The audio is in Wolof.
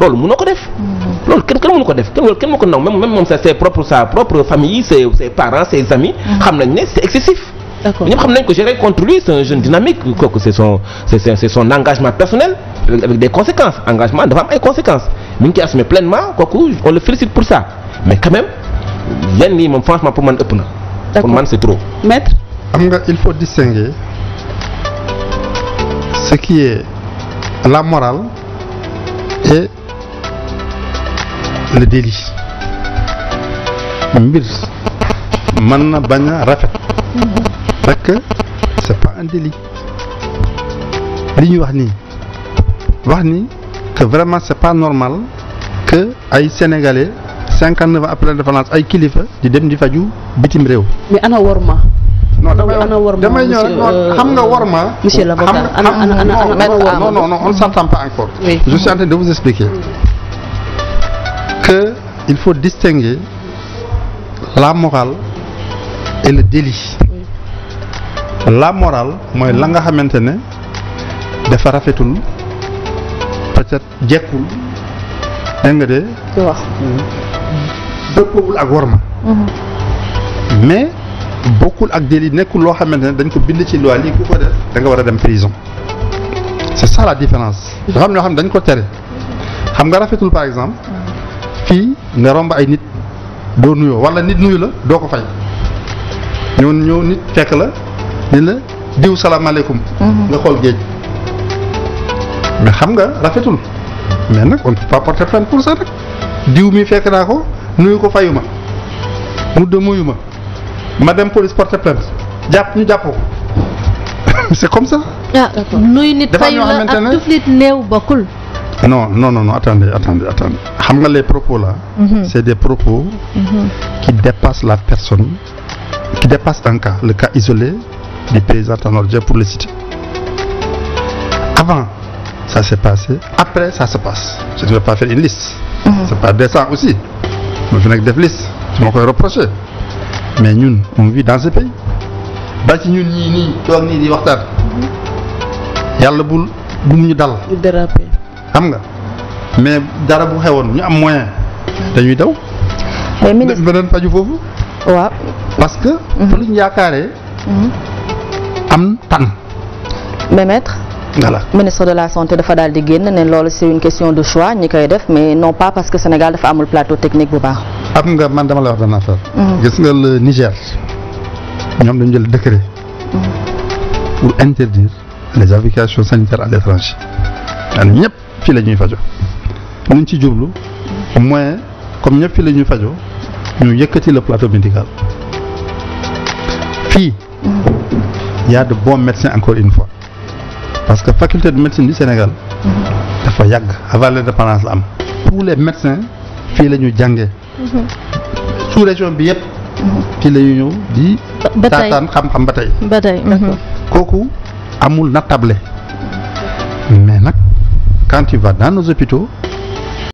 loolu mënoo ko def. loolu kenn kenn mënu ko def loolu kenn mënu ko naw même même moom sa ses propre sa propre famille ses ses parents ses amis. Mm-hmm. xam nañ ne c'est excessif. d'accord ñëpp xam nañ ko gérer contre lui c'est un jeune dynamique kooku c'est son c'est c'est son engagement personnel avec, avec des conséquences engagement dafa am ay conséquences mi ngi koy assumer pleinement kooku on le félicite pour ça mais quand même yenn yi moom franchement pour man ëpp na. pour man c'est trop. maître. xam nga il faut distinguer ce qui est la morale et le délit mbir mën na bañ a rafet parce que c'est pas un délit li ñu wax ni wax ni que vraiment c'est pas normal que ay sénégalais cinquante neuf ans après l'indépendance ay kilifa di dem di faju bitim réew. mais ana worma. non damay ñëw rek xam nga euh, worma. monsieur l'avocat ana ana ana ana non non non on ne s'entend pas encore. je suis en train de vous expliquer. que il faut distinguer la morale et le délit la morale mooy la nga xamante ne dafa rafetul peut-être jekkul dégg nga de wax hmm. dëppoowul ak worma hmm. mais bokkul ak délit nekkul loo xamante ne dañ ko bind ci loi lii ku ko def da nga war a dem prison c'est ça la différence yoo xam ne dañ ko tere xam nga rafetul par exemple fii nga romb ay nit doo nuyoo wala nit nuyu la doo ko fay ñoo ñëw nit fekk la ni la diw salaamaaleykum. Mhm. nga xool géej mais xam nga rafetul mais nag on ne peut pas pour ça rek diw mi fekk naa ko nuyu ko fayu ma mu de muyu ma ma dem police porter plainte jàpp ñu jàppoo ko comme ça. ah nit fayu la ak tuflit néew bokkul. non non non attendez attendez attendez xam nga les propos là. Mm -hmm. c' est des propos. Mhm. qui dépassent la personne qui dépassent un cas le cas isolé du paysan Tanor Dieng pour le citer avant ça s'est passé après ça se passe je ne vais pas faire une liste. Mm -hmm. c' est pas décent aussi ma fi def liste su ma koy reprocher mais ñun on vit dans ce pays ba ci ñun ñii nii toog nii di waxtaan mhm. yàlla bul bu mu ñu xam nga mais dara bu xewoon ñu am moyen dañuy daw. tey ministre beneen faju foofu. waaw parce que. Mhm. fa la ñu yaakaaree. Mhm. am tan mais maître. ministre de la santé dafa daal di génn ne loolu c'est une question de choix ñi koy def mais non pas parce que Sénégal dafa amul plateau technique bu baax. am nga man dama la wax benn affaire. Mhm. gis nga le Niger ñoom dañu jël décret. pour interdire les applications sanitaires à l'étranger ñëpp. fi la ñuy fajo luñ ci jublu mooy comme ñépp fi la ñuy fajo ñu yëkkati le plateau médical fii y a de encore une fois parce que faculté de médecine du Sénégal dafa yàgg avant l'indépendance la am tous les fii la ñu jàngee sous bi yëpp fii la ñu ñëw di taataan xam-xam ba tey mhm. kooku amul nattable quand tu vas dans nos hôpitaux